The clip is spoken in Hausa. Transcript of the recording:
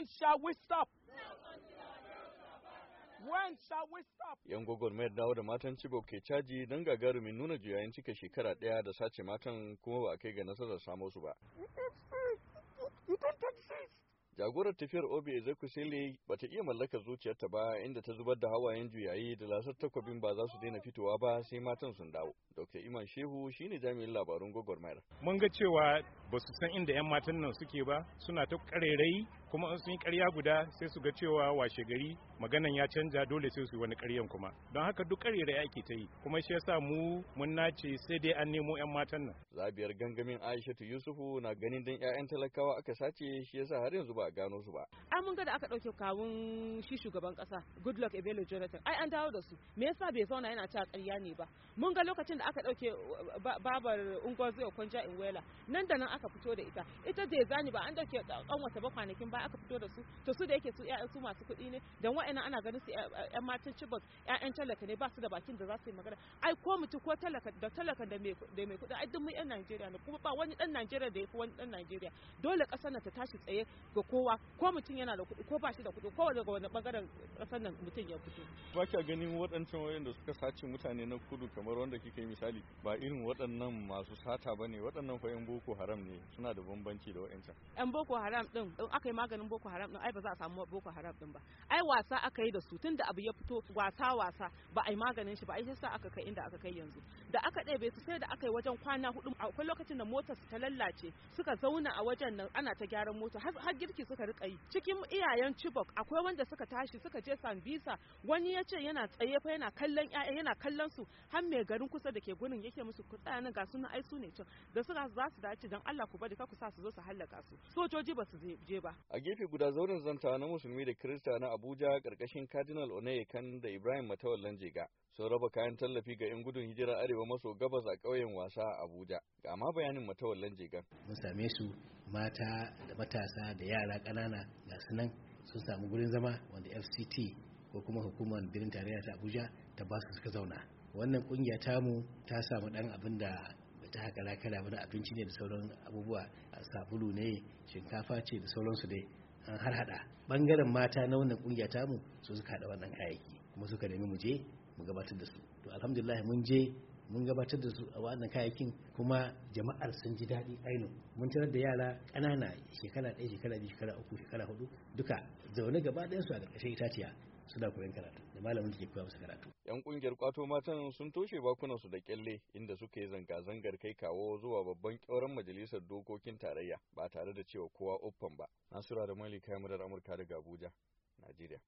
When shall we stop? When shall we stop? Yan mai dawo da matan cibo ke caji don gagarumin nuna juyayin cika shekara ɗaya da sace matan kuma ba a kai ga nasarar samo su ba. jagorar tafiyar obe ezekusele ba ta iya mallakar zuciyarta ba inda ta zubar da hawayen juyayi da lasar takwabin ba za su daina fitowa ba sai matan sun dawo dr iman shehu shine jami'in labarun gwagwarmayar mun ga cewa ba su san inda yan matan nan suke ba suna ta karerai kuma in sun yi karya guda sai su ga cewa washe gari maganan ya canja dole sai su yi wani karyan kuma don haka duk karerai ake ta yi kuma shi yasa mu mun nace sai dai an nemo yan matan nan zabiyar gangamin aishatu yusufu na ganin dan 'ya'yan talakawa aka sace shi yasa har yanzu ba a gano su ba ai mun ga da aka dauke kawun shi shugaban kasa goodluck ebele jonathan ai an dawo da su me yasa bai zauna yana cewa ƙarya ne ba mun ga lokacin da aka dauke uh, babar ungozi in inwela nan da nan aka fito da ita ita da zani ba an dauke kanwata ba kwanakin ba aka fito da su to su da yake su ƴaƴan su masu kuɗi ne dan wa'annan ana ganin su ƴan matan Chibok ƴaƴan talaka ne ba su da bakin da za su yi magana ai ko mutu ko talaka da talaka da mai da mai kuɗi ai duk mu ƴan Najeriya ne kuma ba wani ɗan Najeriya da yafi wani dan Najeriya dole ƙasar ta tashi tsaye ga kowa ko mutum yana da kuɗi ko ba shi da kuɗi ko daga wani bangaren ƙasar nan mutum ya fito ba kya ganin waɗancan waɗanda suka sace mutane na kudu kamar wanda kika yi misali ba irin waɗannan masu sata ba waɗannan fa yan boko haram ne suna da bambanci da waɗancan yan boko haram ɗin in aka yi maganin boko haram din ai ba za a samu boko haram din ba ai wasa aka yi da su tun da abu ya fito wasa wasa ba a maganin shi ba ai sai aka kai inda aka kai yanzu da aka ɗebe su sai da aka yi wajen kwana hudu akwai lokacin da motar ta lallace suka zauna a wajen nan ana ta gyaran mota har girki aiki suka rika yi cikin iyayen Chibok akwai wanda suka tashi suka je visa wani ya ce yana tsaye fa yana kallon 'ya'ya yana kallon su har mai garin kusa da ke gurin yake musu ku tsaya nan ga su ai su ne can da suka za su dace dan Allah ku bari ka ku sa su zo su hallaka su sojoji ba su je ba a gefe guda zauren zanta na musulmi da kirista na Abuja karkashin Cardinal Oneye kan da Ibrahim Matawallan Jega sun raba kayan tallafi ga 'yan gudun hijira arewa maso gabas a ƙauyen wasa a Abuja. Ga ma bayanin matawallan Jega Mun same su mata da matasa da yara yara kanana ga sunan sun samu gurin zama wanda fct ko kuma hukumar birnin tarayya ta abuja ta ba su suka zauna wannan kungiya tamu ta samu dan abin da ta hakala kala wani abinci ne da sauran abubuwa a sabulu ne shinkafa ce da sauransu dai an har hada bangaren mata na wannan kungiya tamu su suka hada wannan kayayyaki kuma suka nemi mu je mu gabatar da su to alhamdulillah mun je mun gabatar da su a wannan kayakin kuma jama'ar sun ji daɗi aino mun tarar da yara ƙanana shekara ɗaya shekara biyu shekara uku shekara hudu duka zaune gaba ɗayan su a ƙarƙashin itaciya suna koyon karatu da malamin da ke koya musu karatu. Yan kungiyar kwato matan sun toshe bakunan su da kyalle inda suka yi zanga-zangar kai kawo zuwa babban kyauren majalisar dokokin tarayya ba tare da cewa kowa uffan ba. Nasura da Malika murar Amurka daga Abuja, Najeriya.